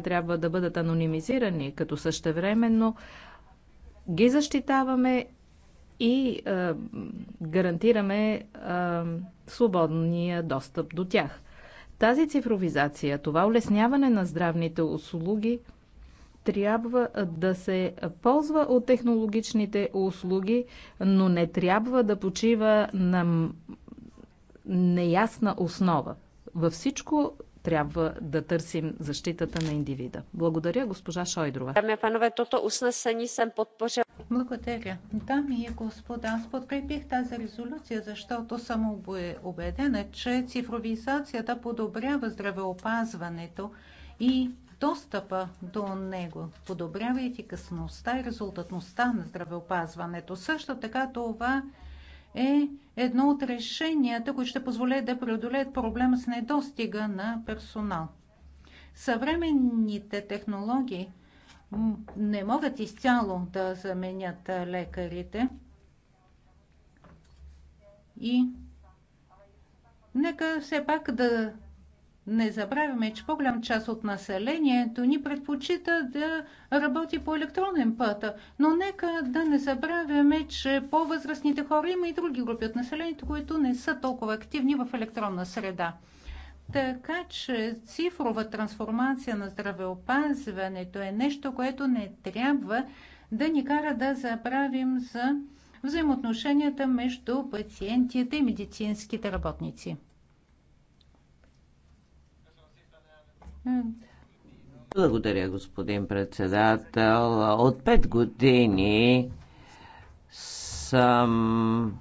трябва да бъдат анонимизирани, като същевременно ги защитаваме и е, гарантираме е, свободния достъп до тях. Тази цифровизация, това улесняване на здравните услуги трябва да се ползва от технологичните услуги, но не трябва да почива на неясна основа. Във всичко трябва да търсим защитата на индивида. Благодаря, госпожа Шойдрова. Даме, панове, тото уснесени съм подпожа. Благодаря. Дами и господа, аз подкрепих тази резолюция, защото съм убедена, че цифровизацията подобрява здравеопазването и достъпа до него, подобрява ефикасността и резултатността на здравеопазването. Също така това е е едно от решенията, които ще позволят да преодолеят проблема с недостига на персонал. Съвременните технологии не могат изцяло да заменят лекарите. И нека все пак да не забравяме, че по-голям част от населението ни предпочита да работи по електронен път. Но нека да не забравяме, че по-възрастните хора има и други групи от населението, които не са толкова активни в електронна среда. Така че цифрова трансформация на здравеопазването е нещо, което не трябва да ни кара да забравим за взаимоотношенията между пациентите и медицинските работници. Благодаря, господин председател. От пет години съм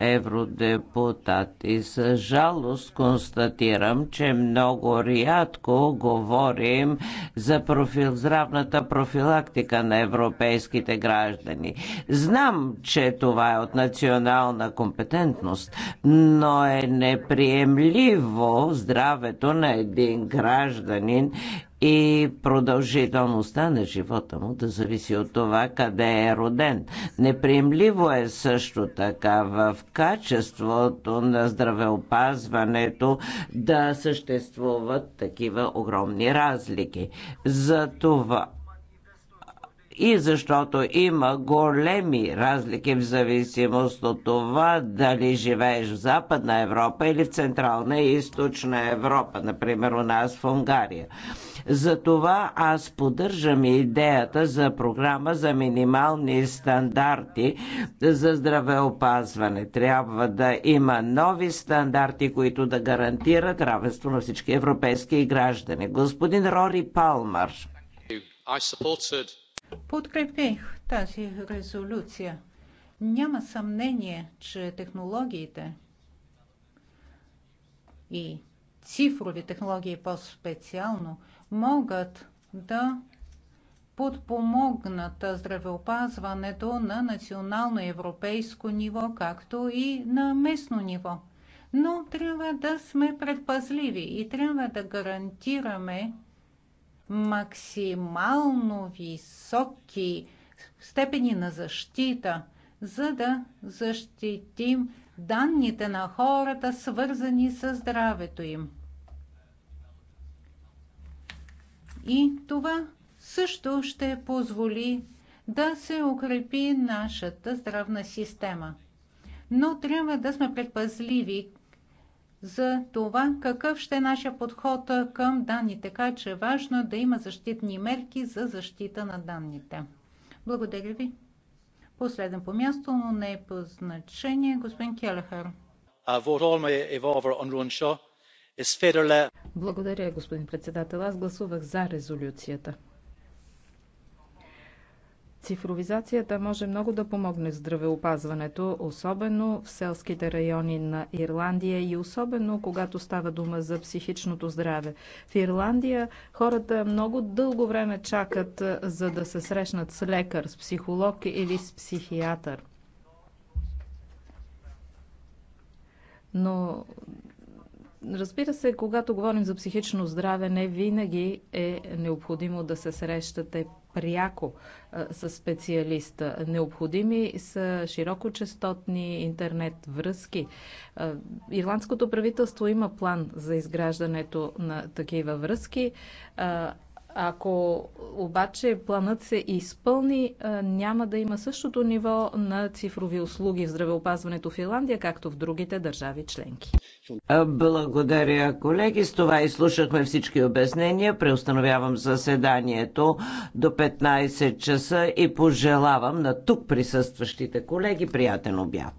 евродепутати. С жалост констатирам, че много рядко говорим за профил, здравната профилактика на европейските граждани. Знам, че това е от национална компетентност, но е неприемливо здравето на един гражданин и продължителността на живота му да зависи от това къде е роден. Неприемливо е също така в качеството на здравеопазването да съществуват такива огромни разлики. За това и защото има големи разлики в зависимост от това дали живееш в Западна Европа или в Централна и Източна Европа, например у нас в Унгария. Затова аз поддържам идеята за програма за минимални стандарти за здравеопазване. Трябва да има нови стандарти, които да гарантират равенство на всички европейски граждани. Господин Рори Палмар. Подкрепих тази резолюция. Няма съмнение, че технологиите и цифрови технологии по-специално могат да подпомогнат здравеопазването на национално и европейско ниво, както и на местно ниво. Но трябва да сме предпазливи и трябва да гарантираме максимално високи степени на защита, за да защитим данните на хората, свързани с здравето им. И това също ще позволи да се укрепи нашата здравна система. Но трябва да сме предпазливи за това какъв ще е нашия подход към данните. Така че е важно да има защитни мерки за защита на данните. Благодаря ви. Последен по място, но не е по значение, господин Келехер. Е, е е Благодаря, господин председател. Аз гласувах за резолюцията. Цифровизацията може много да помогне в здравеопазването, особено в селските райони на Ирландия и особено когато става дума за психичното здраве. В Ирландия хората много дълго време чакат за да се срещнат с лекар, с психолог или с психиатър. Но Разбира се, когато говорим за психично здраве, не винаги е необходимо да се срещате пряко с специалиста. Необходими са широкочастотни интернет връзки. Ирландското правителство има план за изграждането на такива връзки. Ако обаче планът се изпълни, няма да има същото ниво на цифрови услуги в здравеопазването в Финландия, както в другите държави членки. Благодаря, колеги. С това изслушахме всички обяснения. Преустановявам заседанието до 15 часа и пожелавам на тук присъстващите колеги приятен обяд.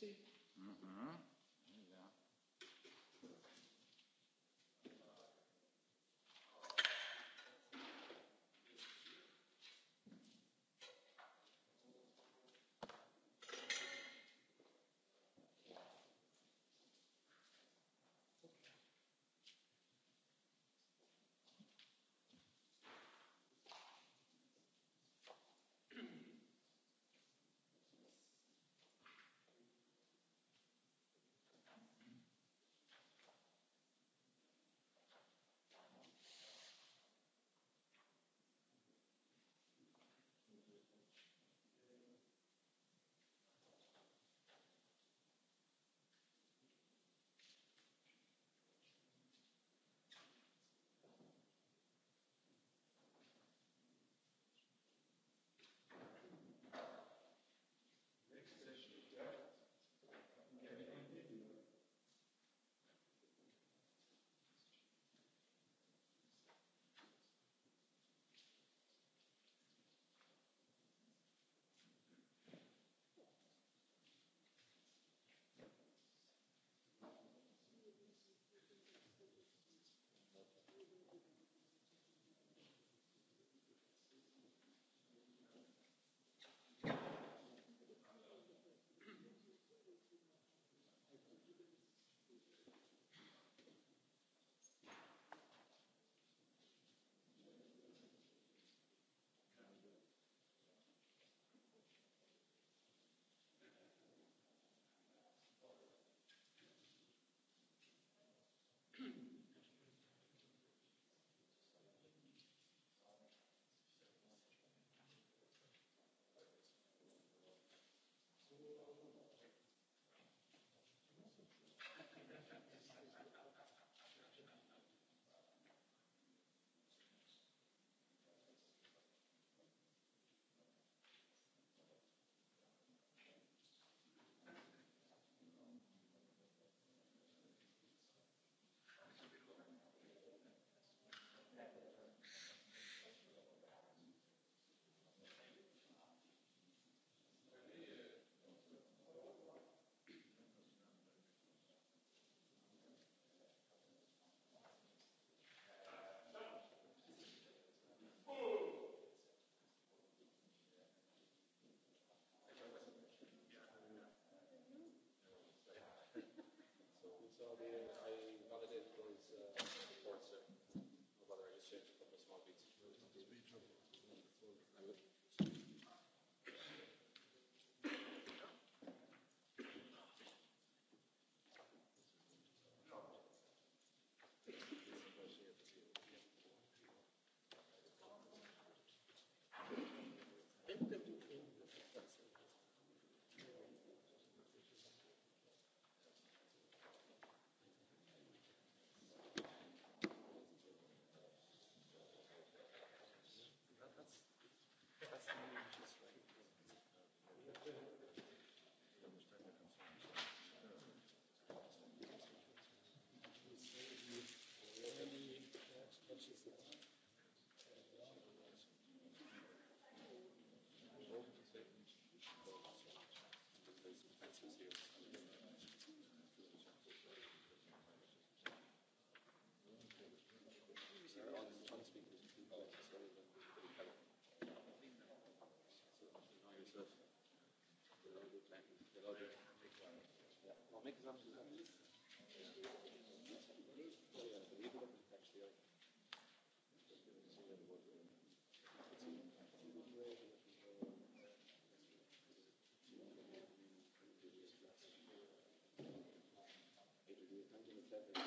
си. make some четене.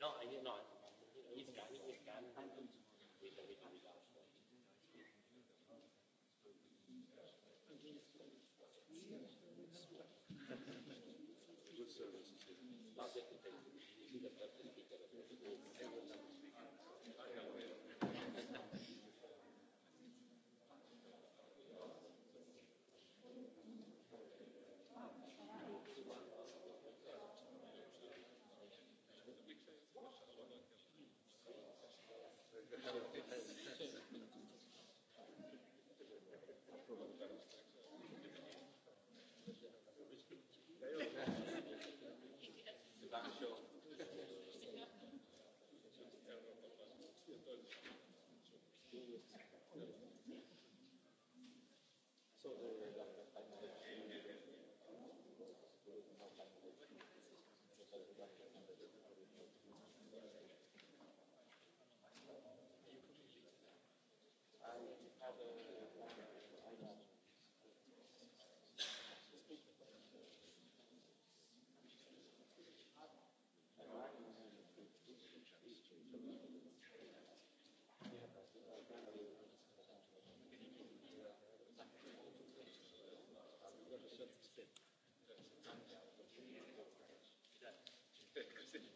No, You Yeah,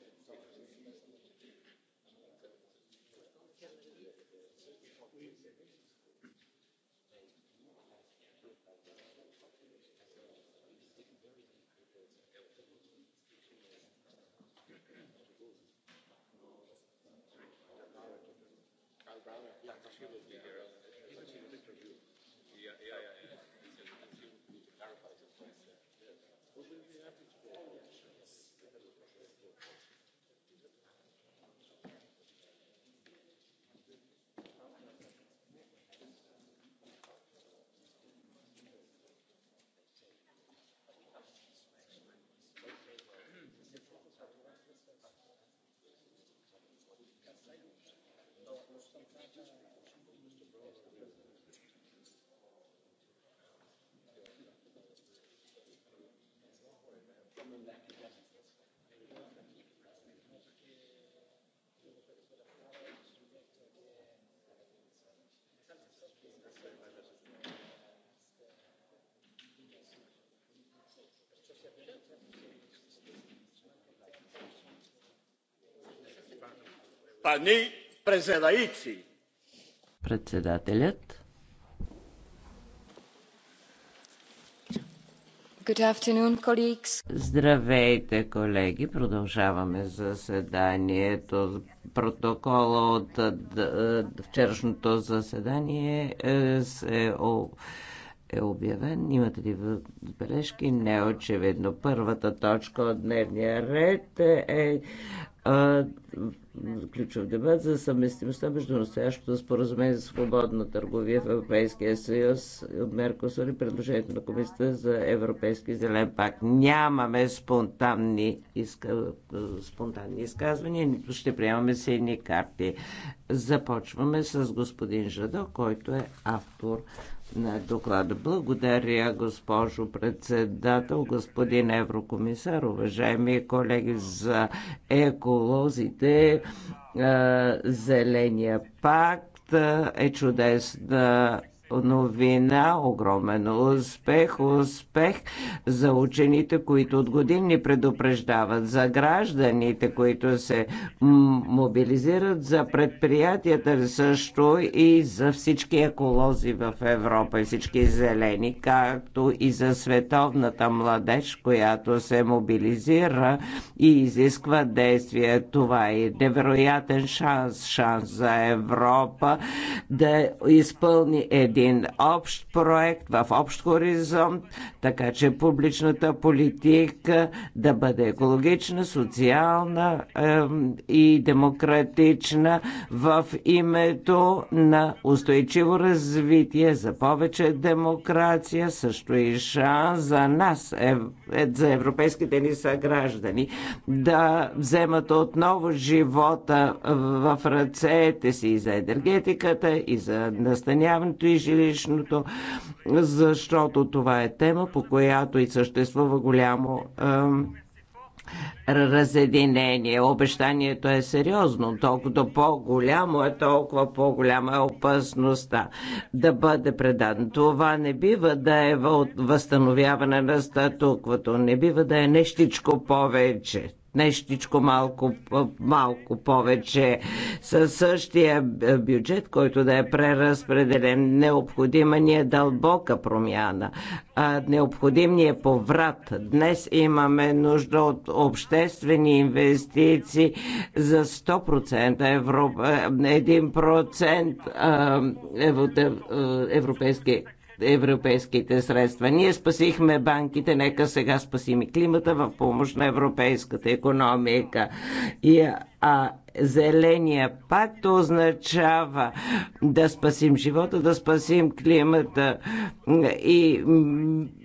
Yeah, yeah, yeah. yeah. He will clarify to go. pani Презедаици. Председателят. Здравейте, колеги! Продължаваме заседанието. Протокола от вчерашното заседание е, се е обявен. Имате ли бележки? Не, очевидно. Първата точка от дневния ред е, е ключов дебат за съвместимостта между настоящото споразумение за свободна търговия в Европейския съюз от Меркосур и предложението на комисията за Европейски зелен пак. Нямаме спонтанни, изка... спонтанни изказвания, нито ще приемаме сини карти. Започваме с господин Жадо, който е автор на доклада. Благодаря, госпожо председател, господин еврокомисар, уважаеми колеги за еколозите. Е, Зеления пакт е чудесна новина, огромен успех, успех за учените, които от години предупреждават, за гражданите, които се мобилизират, за предприятията също и за всички еколози в Европа и всички зелени, както и за световната младеж, която се мобилизира и изисква действие. Това е невероятен шанс, шанс за Европа да изпълни един един общ проект в общ хоризонт, така че публичната политика да бъде екологична, социална е, и демократична в името на устойчиво развитие за повече демокрация, също и шанс за нас, е, е, за европейските ни съграждани, да вземат отново живота в ръцете си и за енергетиката, и за настаняването и жилищното, защото това е тема, по която и съществува голямо разединение. Обещанието е сериозно. Толкова по-голямо е, толкова по-голяма е опасността да бъде предан. Това не бива да е възстановяване на статуквото. Не бива да е нещичко повече нещичко малко, малко повече със същия бюджет, който да е преразпределен. Необходима ни е дълбока промяна. Необходим ни е поврат. Днес имаме нужда от обществени инвестиции за 100% Европа, 1% европейски европейските средства. Ние спасихме банките, нека сега спасим и климата в помощ на европейската економика. И а зеления пакт означава да спасим живота, да спасим климата. И,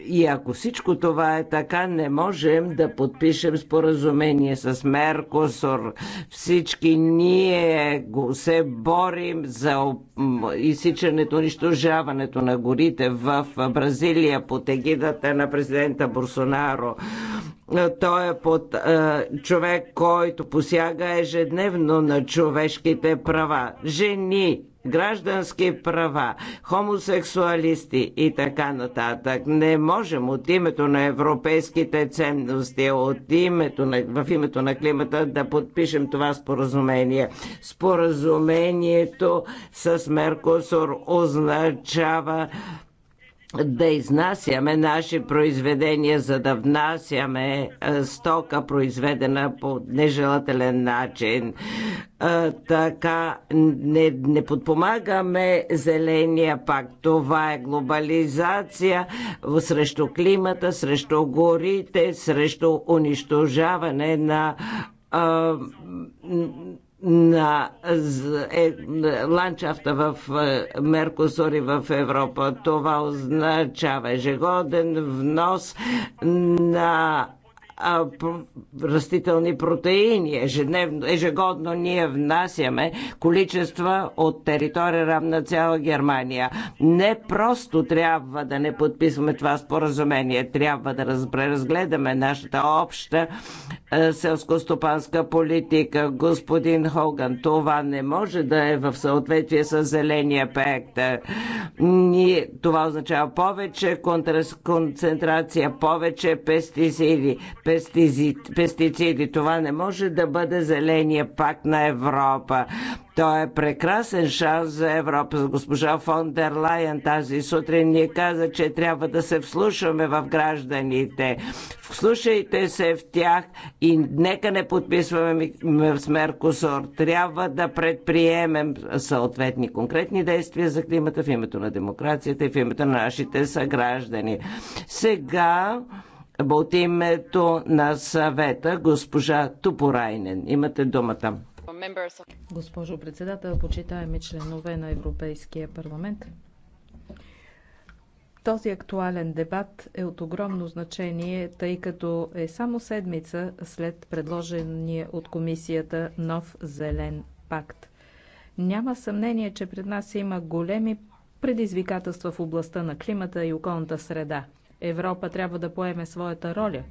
и ако всичко това е така, не можем да подпишем споразумение с Меркосор. Всички ние се борим за изсичането, унищожаването на горите в Бразилия под егидата на президента Бурсонаро. Той е под е, човек, който посяга ежедневно на човешките права. Жени, граждански права, хомосексуалисти и така нататък. Не можем от името на европейските ценности, от името на, в името на климата да подпишем това споразумение. Споразумението с Меркосур означава да изнасяме наши произведения, за да внасяме стока, произведена по нежелателен начин. Така не, не подпомагаме зеления пак. Това е глобализация срещу климата, срещу горите, срещу унищожаване на е, на ландшафта в е, Меркосур и в Европа. Това означава ежегоден внос на а, растителни протеини. Ежедневно, ежегодно ние внасяме количества от територия равна цяла Германия. Не просто трябва да не подписваме това споразумение, трябва да разгледаме нашата обща селскостопанска политика. Господин Хоган, това не може да е в съответствие с Зеления пект. Ние, това означава повече концентрация, повече пестициди, пестициди. Това не може да бъде зеления пакт на Европа. Той е прекрасен шанс за Европа. Госпожа фон дер Лайен тази сутрин ни каза, че трябва да се вслушваме в гражданите. Вслушайте се в тях и нека не подписваме с Меркосор. Трябва да предприемем съответни конкретни действия за климата в името на демокрацията и в името на нашите съграждани. Сега от името на съвета госпожа Тупорайнен. Имате думата. Госпожо председател, почитаеми членове на Европейския парламент, този актуален дебат е от огромно значение, тъй като е само седмица след предложения от комисията нов зелен пакт. Няма съмнение, че пред нас има големи предизвикателства в областта на климата и околната среда. Европа трябва да поеме своята роля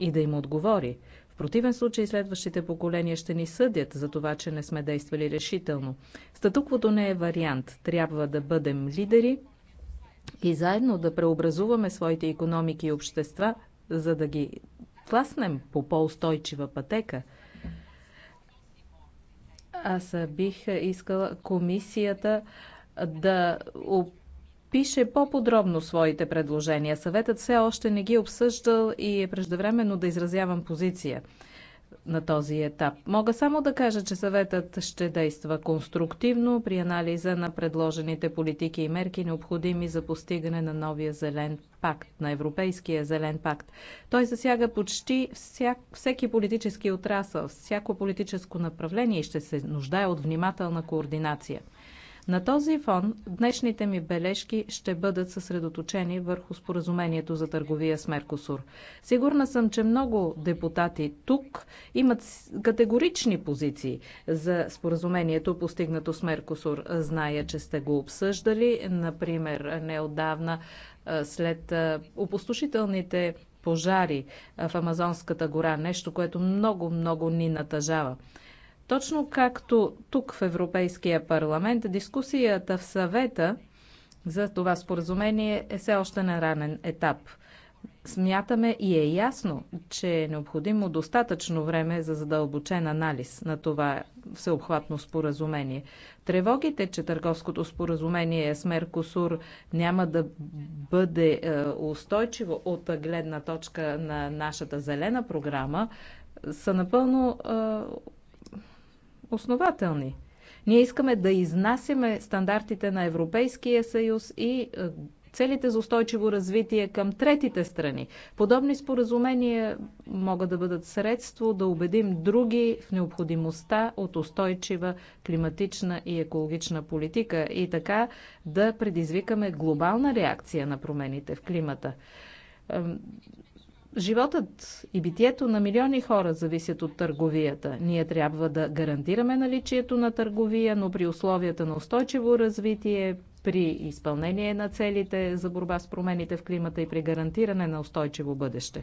и да им отговори. В противен случай следващите поколения ще ни съдят за това, че не сме действали решително. Статуквото не е вариант. Трябва да бъдем лидери и заедно да преобразуваме своите економики и общества, за да ги тласнем по по-устойчива пътека. Аз бих искала комисията да Пише по-подробно своите предложения. Съветът все още не ги е обсъждал и е преждевременно да изразявам позиция на този етап. Мога само да кажа, че съветът ще действа конструктивно при анализа на предложените политики и мерки, необходими за постигане на новия зелен пакт, на Европейския зелен пакт. Той засяга почти вся, всеки политически отрасъл, всяко политическо направление и ще се нуждае от внимателна координация. На този фон днешните ми бележки ще бъдат съсредоточени върху споразумението за търговия с Меркосур. Сигурна съм, че много депутати тук имат категорични позиции за споразумението, постигнато с Меркосур. Зная, че сте го обсъждали, например, неодавна след опустошителните пожари в Амазонската гора, нещо, което много, много ни натъжава. Точно както тук в Европейския парламент, дискусията в съвета за това споразумение е все още на ранен етап. Смятаме и е ясно, че е необходимо достатъчно време за задълбочен анализ на това всеобхватно споразумение. Тревогите, че търговското споразумение с Меркосур няма да бъде е, устойчиво от гледна точка на нашата зелена програма, са напълно е, основателни. Ние искаме да изнасяме стандартите на Европейския съюз и е, целите за устойчиво развитие към третите страни. Подобни споразумения могат да бъдат средство да убедим други в необходимостта от устойчива климатична и екологична политика и така да предизвикаме глобална реакция на промените в климата. Животът и битието на милиони хора зависят от търговията. Ние трябва да гарантираме наличието на търговия, но при условията на устойчиво развитие, при изпълнение на целите за борба с промените в климата и при гарантиране на устойчиво бъдеще.